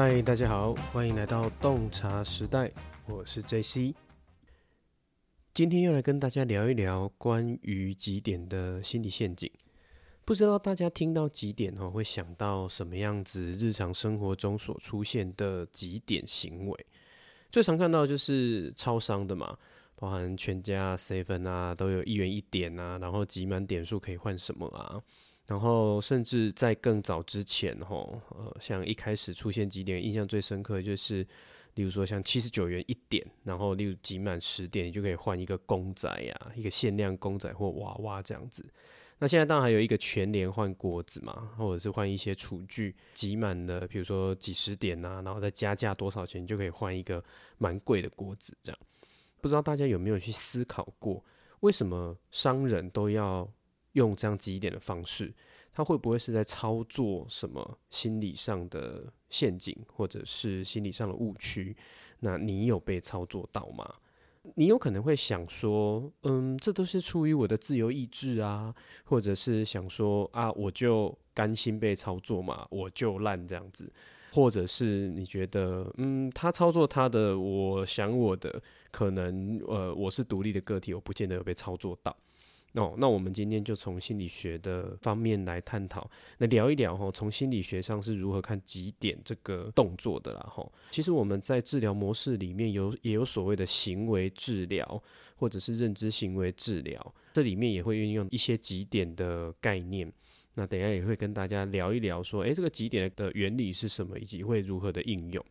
嗨，Hi, 大家好，歡迎來到洞察時代，我是 JC。今天又來跟大家聊一聊關於集點的心理陷阱。不知道大家聽到集點哦、喔，會想到什麼樣子？日常生活中所出現的集點行為，最常看到就是超商的嘛，包含全家、seven 啊，都有一元一點啊，然後集滿點數可以換什麼啊？然後，甚至在更早之前、哦，吼，呃，像一開始出現集點，印象最深刻的就是，例如說像七十九元一點，然後例如集滿十點，你就可以換一個公仔呀、啊，一個限量公仔或娃娃這樣子。那現在當然還有一個全聯換鍋子嘛，或者是換一些廚具，集滿了，比如說幾十點啊，然後再加價多少錢，你就可以換一個蠻貴的鍋子這樣。不知道大家有沒有去思考過，為什麼商人都要？用這樣集點的方式，他會不會是在操作什麼心理上的陷阱，或者是心理上的誤區？那你有被操作到嗎？你有可能會想說，嗯，這都是出於我的自由意志啊，或者是想說啊，我就甘心被操作嘛，我就爛這樣子，或者是你覺得，嗯，他操作他的，我想我的，可能呃，我是獨立的個體，我不見得有被操作到。哦，那我們今天就從心理學的方面來探討，那聊一聊哈、哦，從心理學上是如何看集點這個動作的啦哈。其實我們在治療模式裡面有也有所謂的行為治療或者是認知行為治療，這裡面也會運用一些集點的概念。那等下也會跟大家聊一聊說，說誒，這個集點的原理是什麼，以及會如何的應用。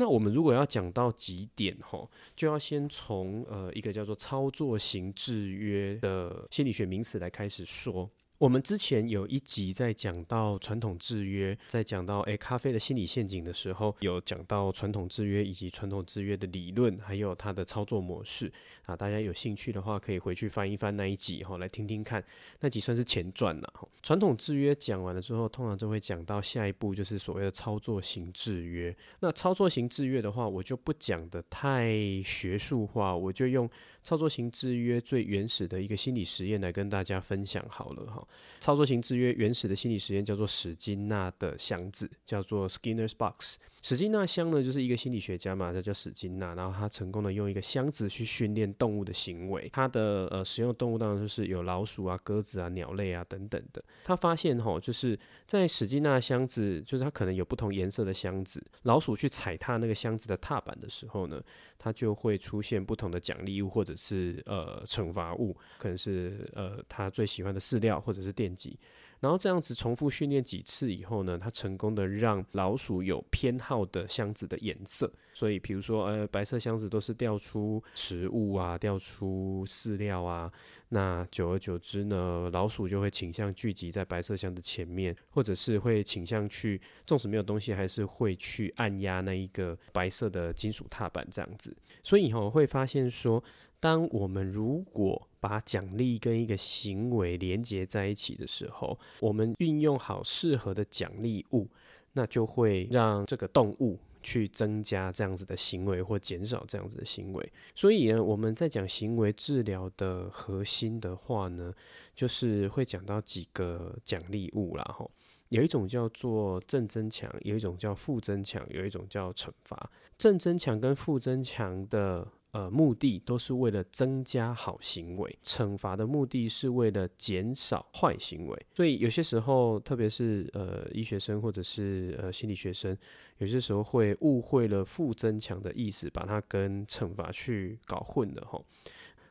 那我們如果要講到集點齁，就要先從呃一個叫做操作型制約的心理學名詞來開始說。我們之前有一集在講到傳統制約，在講到誒咖啡的心理陷阱的時候，有講到傳統制約以及傳統制約的理論，還有它的操作模式啊。大家有興趣的話，可以回去翻一翻那一集哈，來聽聽看。那集算是前傳了。傳統制約講完了之後，通常就會講到下一步就是所謂的操作型制約。那操作型制約的話，我就不講得太學術化，我就用。操作型制約最原始的一個心理實驗，來跟大家分享好了哈。操作型制約原始的心理實驗叫做史金納的箱子，叫做 Skinner's Box。史金納箱呢，就是一個心理學家嘛，他叫史金納，然後他成功的用一個箱子去訓練動物的行為。他的呃使用的動物當中，就是有老鼠啊、鴿子啊、鳥類啊等等的。他發現吼、哦、就是在史金納箱子，就是他可能有不同顏色的箱子，老鼠去踩踏那個箱子的踏板的時候呢，它就會出現不同的獎勵物或者是呃懲罰物，可能是呃他最喜歡的飼料或者是電擊。然後這樣子重複訓練幾次以後呢，它成功的讓老鼠有偏好的箱子的顏色。所以，比如說，呃，白色箱子都是掉出食物啊，掉出飼料啊。那久而久之呢，老鼠就會傾向聚集在白色箱子前面，或者是會傾向去，縱使沒有東西，還是會去按壓那一個白色的金屬踏板這樣子。所以,以後，我會發現說，當我們如果把獎勵跟一個行為連接在一起的時候，我們運用好適合的獎勵物，那就會讓這個動物。去增加這樣子的行為，或減少這樣子的行為。所以呢，我們在講行為治療的核心的話呢，就是會講到幾個獎勵物啦，吼，有一種叫做正增強，有一種叫負增強，有一種叫懲罰。正增強跟負增強的呃目的都是為了增加好行為，懲罰的目的是為了減少壞行為。所以有些時候，特別是呃醫學生或者是呃心理學生。有些時候會誤會了負增強的意思，把它跟懲罰去搞混了吼，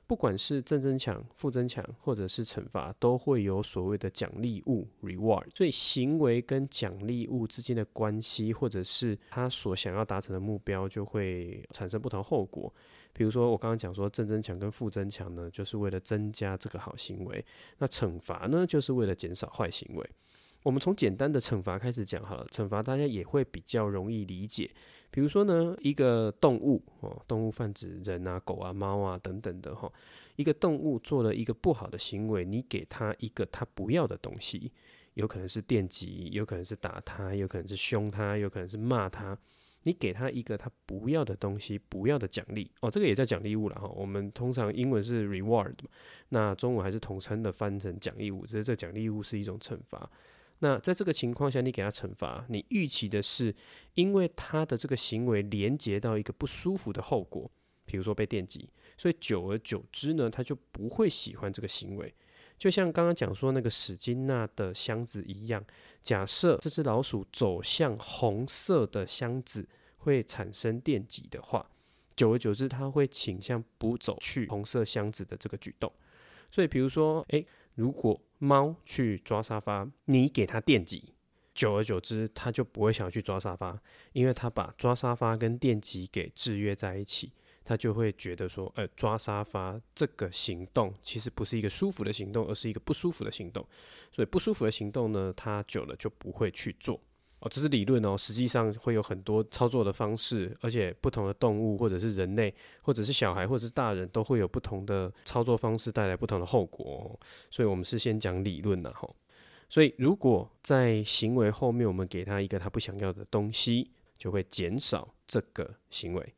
不管是正增強、負增強，或者是懲罰，都會有所謂的獎勵物 （reward）。所以行為跟獎勵物之間的關係，或者是他所想要達成的目標，就會產生不同後果。比如說，我剛剛講說正增強跟負增強呢，就是為了增加這個好行為；那懲罰呢，就是為了減少壞行為。我們從簡單的懲罰開始講好了，懲罰大家也會比較容易理解。比如說呢，一個動物哦，動物泛指人啊、狗啊、貓啊等等的，哦，一個動物做了一個不好的行為，你給他一個他不要的東西，有可能是電擊，有可能是打他，有可能是兇他，有可能是罵他。你給他一個他不要的東西，不要的獎勵哦，這個也叫獎勵物了哈，哦。我們通常英文是 reward，那中文還是統稱的翻成獎勵物，只是這獎勵物是一種懲罰。那在這個情況下，你給他懲罰，你預期的是，因為他的這個行為連接到一個不舒服的後果，比如說被電擊，所以久而久之呢，他就不會喜歡這個行為。就像剛剛講說那個史金納的箱子一樣，假設這隻老鼠走向紅色的箱子會產生電擊的話，久而久之，他會傾向不走去紅色箱子的這個舉動。所以，比如說，誒、欸。如果貓去抓沙發，你給它電擊，久而久之，它就不會想要去抓沙發，因為它把抓沙發跟電擊給制約在一起，它就會覺得說，呃，抓沙發這個行動其實不是一個舒服的行動，而是一個不舒服的行動，所以不舒服的行動呢，它久了就不會去做。哦，這是理論哦，實際上會有很多操作的方式，而且不同的動物或者是人類，或者是小孩或者是大人，都會有不同的操作方式帶來不同的後果，哦。所以我們是先講理論吶，吼。所以如果在行為後面我們給他一個他不想要的東西，就會減少這個行為。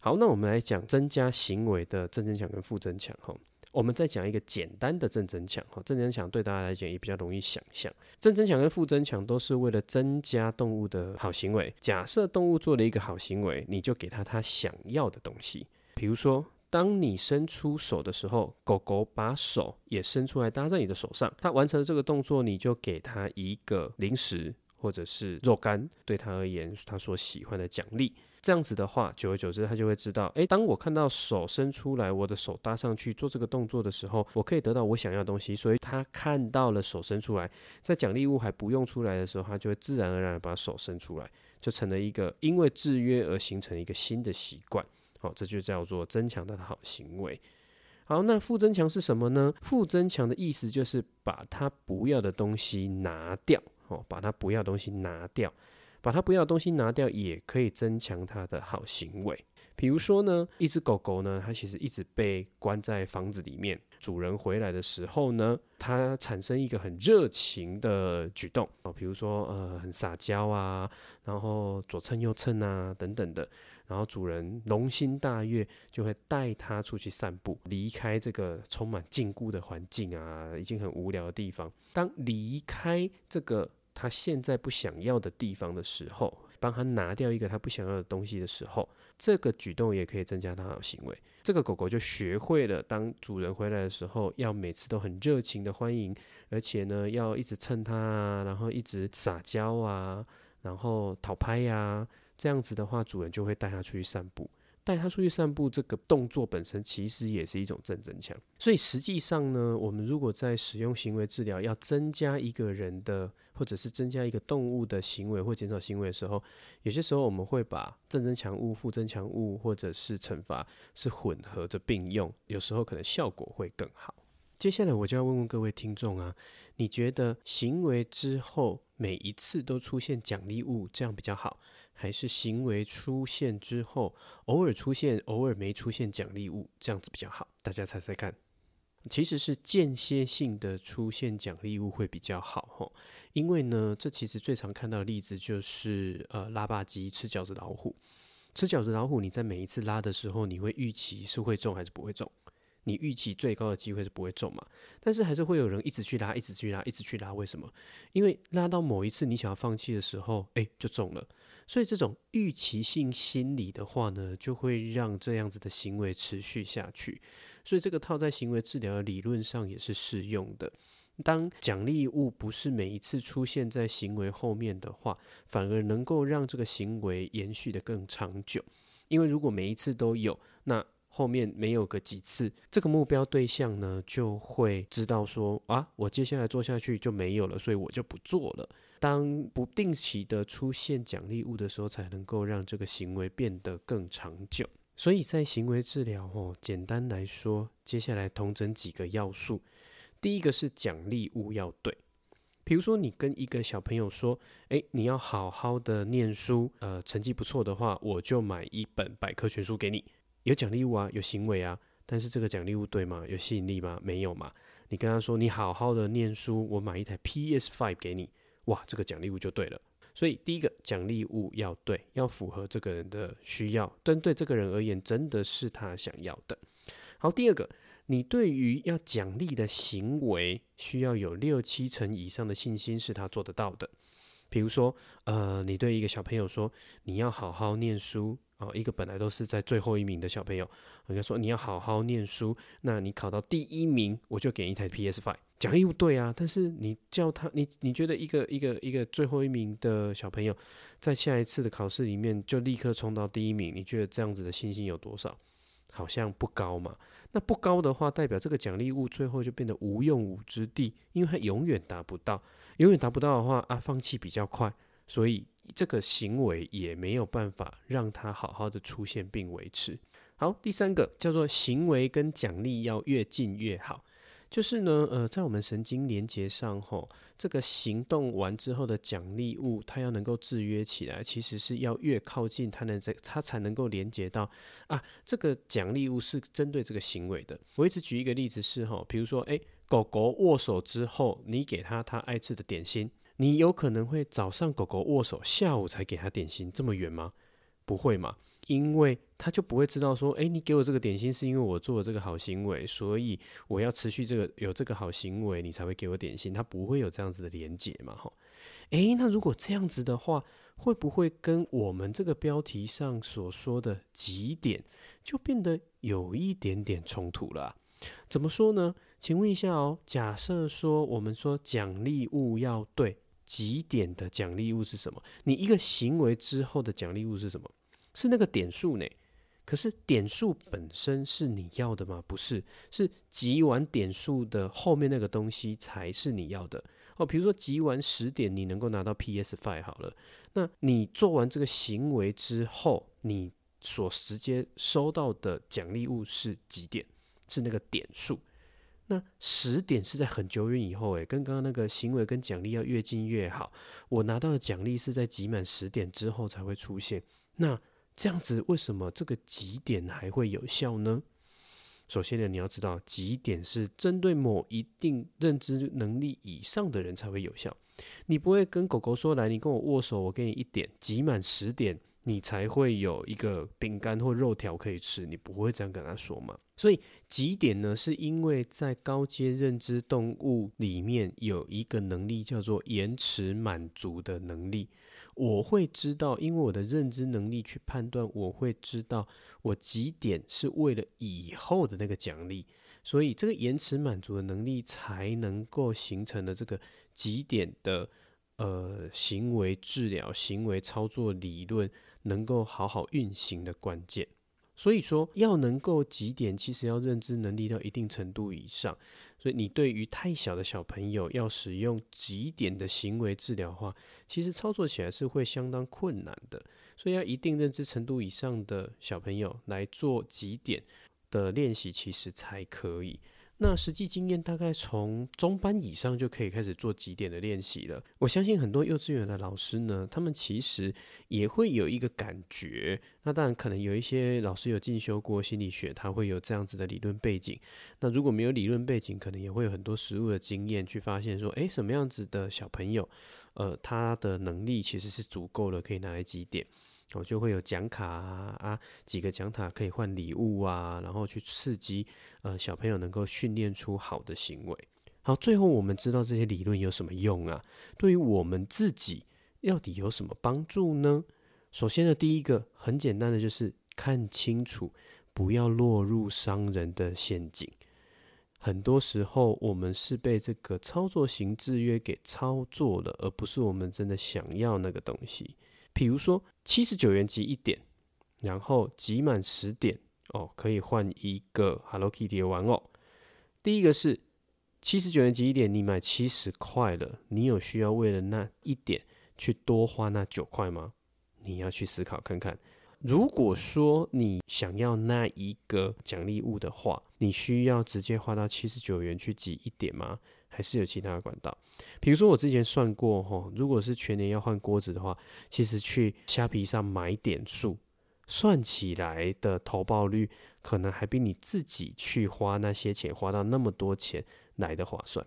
好，那我們來講增加行為的正增強跟負增強，哦。我們再講一個簡單的正增強，哈，正增強對大家來講也比較容易想象。正增強跟負增強都是為了增加動物的好行為。假設動物做了一個好行為，你就給他他想要的東西。比如說，當你伸出手的時候，狗狗把手也伸出來搭在你的手上，它完成了這個動作，你就給它一個零食或者是肉乾，對它而言，它所喜歡的獎勵。這樣子的話，久而久之，他就會知道，誒、欸，當我看到手伸出來，我的手搭上去做這個動作的時候，我可以得到我想要的東西。所以，他看到了手伸出來，在獎勵物還不用出來的時候，他就會自然而然把手伸出來，就成了一個因為制約而形成一個新的習慣。好、哦，這就叫做增強他的好行為。好，那負增強是什麼呢？負增強的意思就是把他不要的東西拿掉。好、哦，把他不要的東西拿掉。把它，不要的東西拿掉，也可以增強它的好行為。比如說呢，一只狗狗呢，它其實一直被關在房子裡面，主人回來的時候呢，它產生一個很熱情的舉動哦，比如說呃，很撒嬌啊，然後左蹭右蹭啊，等等的，然後主人龍心大悅，就會帶它出去散步，離開這個充滿禁錮的環境啊，已經很無聊的地方。當離開這個他現在不想要的地方的時候，幫他拿掉一個他不想要的東西的時候，這個舉動也可以增加他的行為。這個狗狗就學會了，當主人回來的時候，要每次都很熱情的歡迎，而且呢，要一直蹭他啊，然後一直撒嬌啊，然後討拍呀，啊。這樣子的話，主人就會帶他出去散步。帶他出去散步，這個動作本身其實也是一種正增強。所以實際上呢，我們如果在使用行為治療，要增加一個人的，或者是增加一個動物的行為，或減少行為的時候，有些時候我們會把正增強物、負增強物或者是懲罰是混合着並用，有時候可能效果會更好。接下來我就要問問各位聽眾啊，你覺得行為之後，每一次都出現獎勵物，這樣比較好，還是行為出現之後偶爾出現、偶爾沒出現獎勵物，這樣子比較好？大家猜猜看，其實是間歇性的出現獎勵物會比較好哦。因為呢，這其實最常看到的例子就是呃、拉霸機、吃角子老虎、吃角子老虎，你在每一次拉的時候，你會預期是會中還是不會中？你預期最高的機會是不會中嘛，但是還是會有人一直去拉，一直去拉，一直去拉。為什麼？因為拉到某一次你想要放棄的時候，誒、欸，就中了。所以這種預期性心理的話呢，就會讓這樣子的行為持續下去。所以這個套在行為治療的理論上也是適用的。當獎勵物不是每一次出現在行為後面的話，反而能夠讓這個行為延續的更長久。因為如果每一次都有，那。後面沒有個幾次，這個目標對象呢就會知道說啊，我接下來做下去就沒有了，所以我就不做了。當不定期的出現獎勵物的時候，才能夠讓這個行為變得更長久。所以在行為治療哦，簡單來說，接下來統整幾個要素，第一個是獎勵物要對，比如說你跟一個小朋友說，哎，你要好好的念書，呃，成績不錯的話，我就買一本百科全書給你。有獎勵物啊，有行為啊，但是這個獎勵物對嗎？有吸引力嗎？沒有嘛？你跟他說你好好的念書，我買一台 PS Five 給你，哇，這個獎勵物就對了。所以第一個獎勵物要對，要符合這個人的需要，但對這個人而言，真的是他想要的。好，第二個，你對於要獎勵的行為，需要有六七成以上的信心是他做得到的。比如說，呃，你對一個小朋友說你要好好念書。哦，一個本來都是在最後一名的小朋友，人家說，你要好好念書，那你考到第一名，我就給一台 PS5 獎勵物，對啊。但是你叫他，你你覺得一個一個一個最後一名的小朋友，在下一次的考試裡面就立刻衝到第一名，你覺得這樣子的信心有多少？好像不高嘛。那不高的話，代表這個獎勵物最後就變得無用武之地，因為它永遠達不到，永遠達不到的話啊，放棄比較快。所以這個行為也沒有辦法讓它好好的出現並維持。好，第三個叫做行為跟獎勵要越近越好。就是呢，呃，在我們神經連接上吼，這個行動完之後的獎勵物，它要能夠制約起來，其實是要越靠近，它能這它才能夠連接到啊，這個獎勵物是針對這個行為的。我一直舉一個例子是吼，比如說誒、欸，狗狗握手之後，你給它它愛吃的點心。你有可能會早上狗狗握手，下午才給他點心，這麼遠嗎？不會嗎？因為它就不會知道說，哎，你給我這個點心是因為我做了這個好行為，所以我要持續這個有這個好行為，你才會給我點心。它不會有這樣子的連結嘛，哈。哎，那如果這樣子的話，會不會跟我們這個標題上所說的集點就變得有一點點衝突了啊？怎麼說呢？請問一下哦，假設說我們說獎勵物要對。集點的獎勵物是什麼？你一個行為之後的獎勵物是什麼？是那個點數呢？可是點數本身是你要的嗎？不是，是集完點數的後面那個東西才是你要的哦。比如說集完十點，你能夠拿到 PS5 好了。那你做完這個行為之後，你所直接收到的獎勵物是集點？是那個點數。那十點是在很久遠以後，哎，跟剛剛那個行為跟獎勵要越近越好。我拿到的獎勵是在集滿十點之後才會出現。那這樣子，為什麼這個集點還會有效呢？首先呢，你要知道，集點是針對某一定認知能力以上的人才會有效。你不會跟狗狗說：“來，你跟我握手，我給你一點。”集滿十點。你才會有一個餅乾或肉條可以吃，你不會這樣跟他說嘛？所以集點呢，是因為在高階認知動物裡面有一個能力叫做延遲滿足的能力。我會知道，因為我的認知能力去判斷，我會知道我集點是為了以後的那個獎勵，所以這個延遲滿足的能力才能夠形成了這個集點的呃行為治療行為操作理論。能夠好好運行的關鍵，所以說要能夠集點，其實要認知能力到一定程度以上。所以你對於太小的小朋友要使用集點的行為治療的話，其實操作起來是會相當困難的。所以要一定認知程度以上的小朋友來做集點的練習，其實才可以。那實際經驗大概從中班以上就可以開始做集點的練習了。我相信很多幼稚園的老師呢，他們其實也會有一個感覺。那當然可能有一些老師有進修過心理學，他會有這樣子的理論背景。那如果沒有理論背景，可能也會有很多實務的經驗去發現說，欸，誒，什麼樣子的小朋友，呃，他的能力其實是足夠的，可以拿來集點，我就會有獎卡啊，啊，幾個獎卡可以換禮物啊，然後去刺激呃小朋友能夠訓練出好的行為。好，最後我們知道這些理論有什麼用啊？對於我們自己到底有什麼幫助呢？首先呢，第一個很簡單的就是看清楚，不要落入商人的陷阱。很多時候我們是被這個操作型制約給操作了，而不是我們真的想要那個東西。比如說七十九元集一點，然後集滿十點哦，可以換一個 Hello Kitty 的玩偶。第一個是七十九元集一點，你買七十塊了，你有需要為了那一點去多花那九塊嗎？你要去思考看看。如果說你想要那一個獎勵物的話，你需要直接花到七十九元去集一點嗎？還是有其他的管道，比如說我之前算過吼，如果是全年要換鍋子的話，其實去蝦皮上買點數，算起來的投報率可能還比你自己去花那些錢花到那麼多錢來的划算，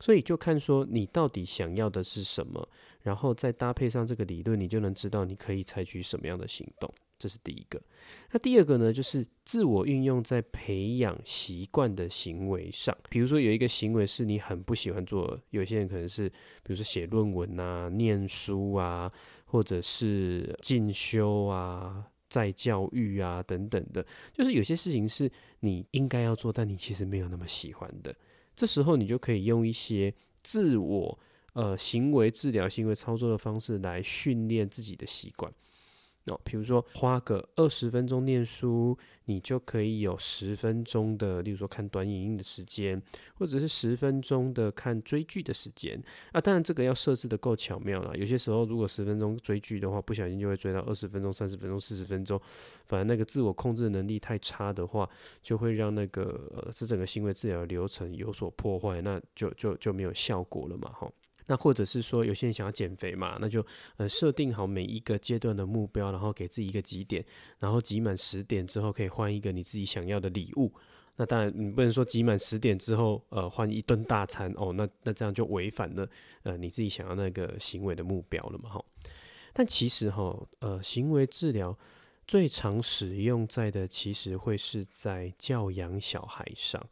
所以就看說你到底想要的是什麼，然後再搭配上這個理論，你就能知道你可以採取什麼樣的行動。這是第一個，那第二個呢？就是自我運用在培養習慣的行為上。比如說，有一個行為是你很不喜歡做的，有些人可能是，比如說寫論文啊、唸書啊，或者是進修啊、再教育啊等等的。就是有些事情是你應該要做，但你其實沒有那麼喜歡的。這時候，你就可以用一些自我呃行為治療、行為操作的方式來訓練自己的習慣。哦，比如說花個二十分鐘念書，你就可以有十分鐘的，例如說看短影音的時間，或者是十分鐘的看追劇的時間。啊，當然這個要設置得夠巧妙啦。有些時候如果十分鐘追劇的話，不小心就會追到二十分鐘、三十分鐘、四十分鐘，反而那個自我控制能力太差的話，就會讓那個、呃、這整個行為治療流程有所破壞，那就就就沒有效果了嘛，齁。那或者是說有些人想要減肥嘛，那就呃設定好每一個階段的目標，然後給自己一個集點，然後集滿十點之後可以換一個你自己想要的禮物。那當然你不能說集滿十點之後呃換一頓大餐哦，那那這樣就違反了呃你自己想要那個行為的目標了嘛哈。但其實哈、哦、呃行為治療最常使用在的其實會是在教養小孩上。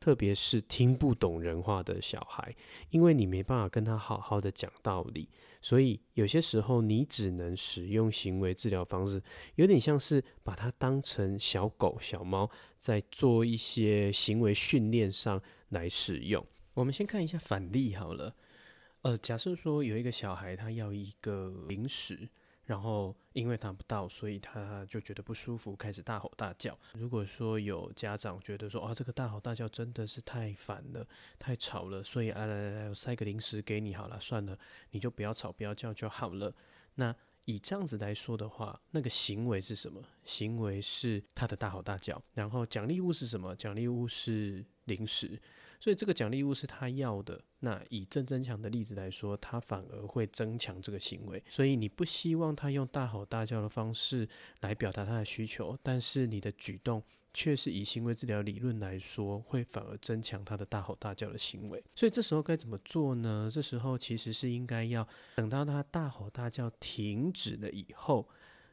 特別是聽不懂人話的小孩，因為你沒辦法跟他好好的講道理，所以有些時候你只能使用行為治療方式，有點像是把它當成小狗、小貓，在做一些行為訓練上來使用。我們先看一下反例好了，呃，假設說有一個小孩他要一個零食。然後因為達不到，所以他就覺得不舒服，開始大吼大叫。如果說有家長覺得說，啊、哦，這個大吼大叫真的是太煩了，太吵了，所以啊來來來，我塞個零食給你好了，算了，你就不要吵，不要叫就好了。那以這樣子來說的話，那個行為是什麼？行為是他的大吼大叫。然後獎勵物是什麼？獎勵物是零食。所以這個獎勵物是他要的，那以正增強的例子來說，他反而會增強這個行為。所以你不希望他用大吼大叫的方式來表達他的需求，但是你的舉動卻是以行為治療理論來說，會反而增強他的大吼大叫的行為。所以這時候該怎麼做呢？這時候其實是應該要等到他大吼大叫停止了以後。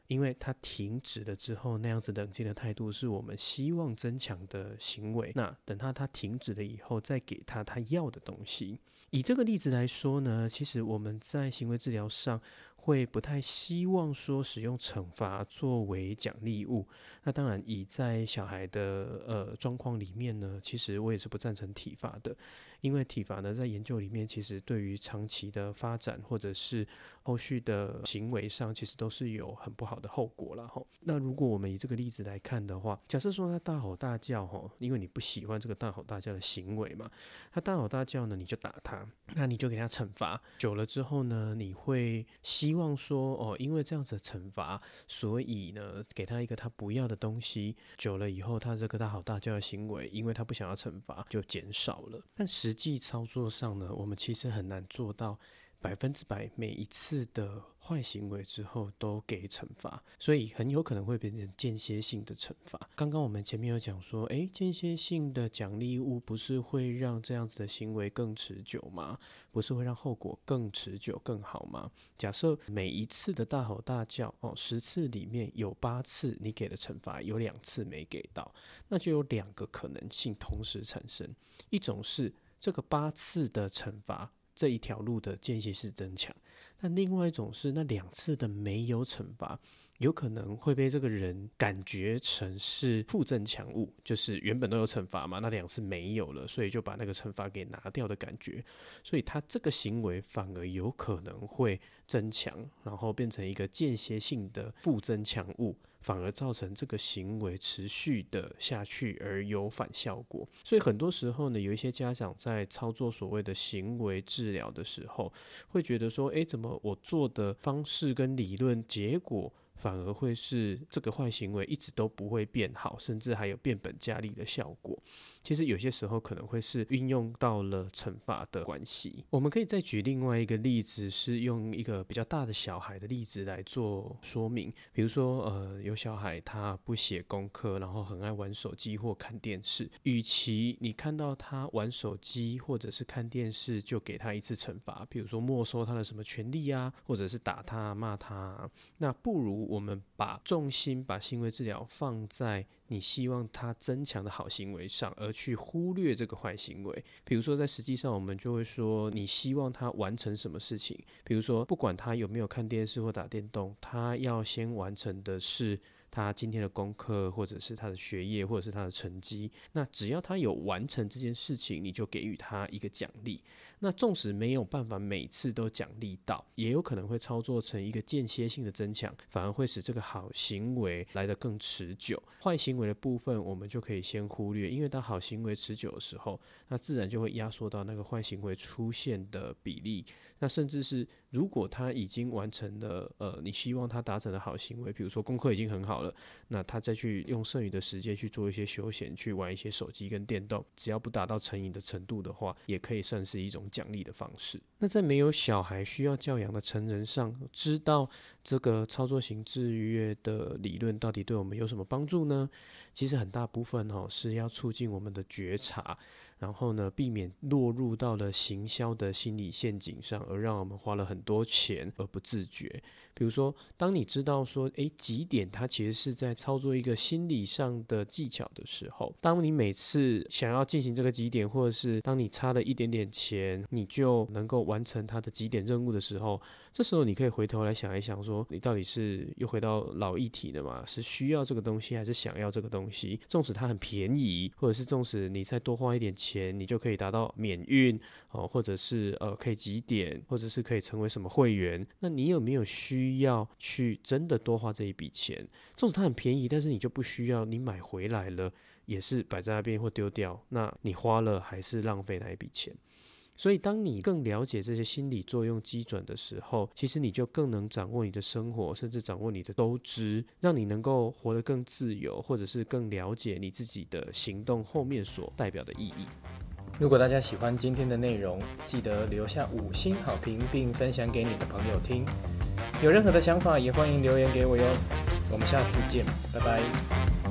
因為他停止了之後，那樣子冷靜的態度是我們希望增強的行為。那等他他停止了以後，再給他他要的東西。以這個例子來說呢，其實我們在行為治療上會不太希望說使用懲罰作為獎勵物。那當然，以在小孩的呃狀況裡面呢，其實我也是不贊成體罰的。因為體罰呢，在研究裡面其實對於長期的發展或者是後續的行為上，其實都是有很不好的後果了哈。那如果我們以這個例子來看的話，假設說他大吼大叫吼，因為你不喜歡這個大吼大叫的行為嘛，他大吼大叫呢，你就打他，那你就給他懲罰。久了之後呢，你會希望說哦，因為這樣子的懲罰，所以呢，給他一個他不要的東西。久了以後，他這個大吼大叫的行為，因為他不想要懲罰，就減少了。但實實際操作上呢，我們其實很難做到百分之百每一次的壞行為之後都給懲罰，所以很有可能會變成間歇性的懲罰。剛剛我們前面有講說，誒，間歇性的獎勵物不是會讓這樣子的行為更持久嗎？不是會讓後果更持久更好嗎？假設每一次的大吼大叫哦，十次裡面有八次你給的懲罰，有兩次沒給到，那就有兩個可能性同時產生，一種是，這個八次的懲罰，這一條路的間歇式增強。那另外一種是那兩次的沒有懲罰，有可能會被這個人感覺成是負增強物，就是原本都有懲罰嘛，那兩次沒有了，所以就把那個懲罰給拿掉的感覺，所以他這個行為反而有可能會增強，然後變成一個間歇性的負增強物。反而造成這個行為持續的下去，而有反效果。所以很多時候呢，有一些家長在操作所謂的行為治療的時候，會覺得說，欸，怎麼我做的方式跟理論結果，反而會是這個壞行為一直都不會變好，甚至還有變本加厲的效果。其實有些時候可能會是運用到了懲罰的關係。我們可以再舉另外一個例子，是用一個比較大的小孩的例子來做說明。比如說，呃，有小孩他不寫功課，然後很愛玩手機或看電視。與其你看到他玩手機或者是看電視就給他一次懲罰，比如說沒收他的什麼權利啊，或者是打他罵他，那不如我們把重心把行為治療放在你希望他增強的好行為上，而去忽略這個壞行為。比如說，在實際上，我們就會說，你希望他完成什麼事情。比如說，不管他有沒有看電視或打電動，他要先完成的是。他今天的功課，或者是他的學業，或者是他的成績，那只要他有完成這件事情，你就給予他一個獎勵。那縱使沒有辦法每次都獎勵到，也有可能會操作成一個間歇性的增強，反而會使這個好行為來得更持久。壞行為的部分，我們就可以先忽略，因為當好行為持久的時候，那自然就會壓縮到那個壞行為出現的比例，那甚至是。如果他已經完成了，呃，你希望他達成的好行為，比如說功課已經很好了，那他再去用剩餘的時間去做一些休閒，去玩一些手機跟電動，只要不達到成癮的程度的話，也可以算是一種獎勵的方式。那在沒有小孩需要教養的成人上，知道。這個操作型制約的理論到底對我們有什麼幫助呢？其實很大部分哦是要促進我們的覺察，然後呢，避免落入到了行銷的心理陷阱上，而讓我們花了很多錢而不自覺。比如說，當你知道說，哎，集點它其實是在操作一個心理上的技巧的時候，當你每次想要進行這個集點，或者是當你差了一點點錢，你就能夠完成它的集點任務的時候，這時候你可以回頭來想一想說，你到底是又回到老議題了嘛，是需要這個東西，還是想要這個東西？縱使它很便宜，或者是縱使你再多花一點錢，你就可以達到免運哦，或者是呃可以集點，或者是可以成為什麼會員？那你有沒有需要去真的多花這一筆錢？縱使它很便宜，但是你就不需要，你買回來了也是擺在那邊或丟掉，那你花了還是浪費那一筆錢。所以，當你更了解這些心理作用基準的時候，其實你就更能掌握你的生活，甚至掌握你的收支，讓你能夠活得更自由，或者是更了解你自己的行動後面所代表的意義。如果大家喜歡今天的內容，記得留下五星好評，並分享給你的朋友聽。有任何的想法，也歡迎留言給我喲。我們下次見，拜拜。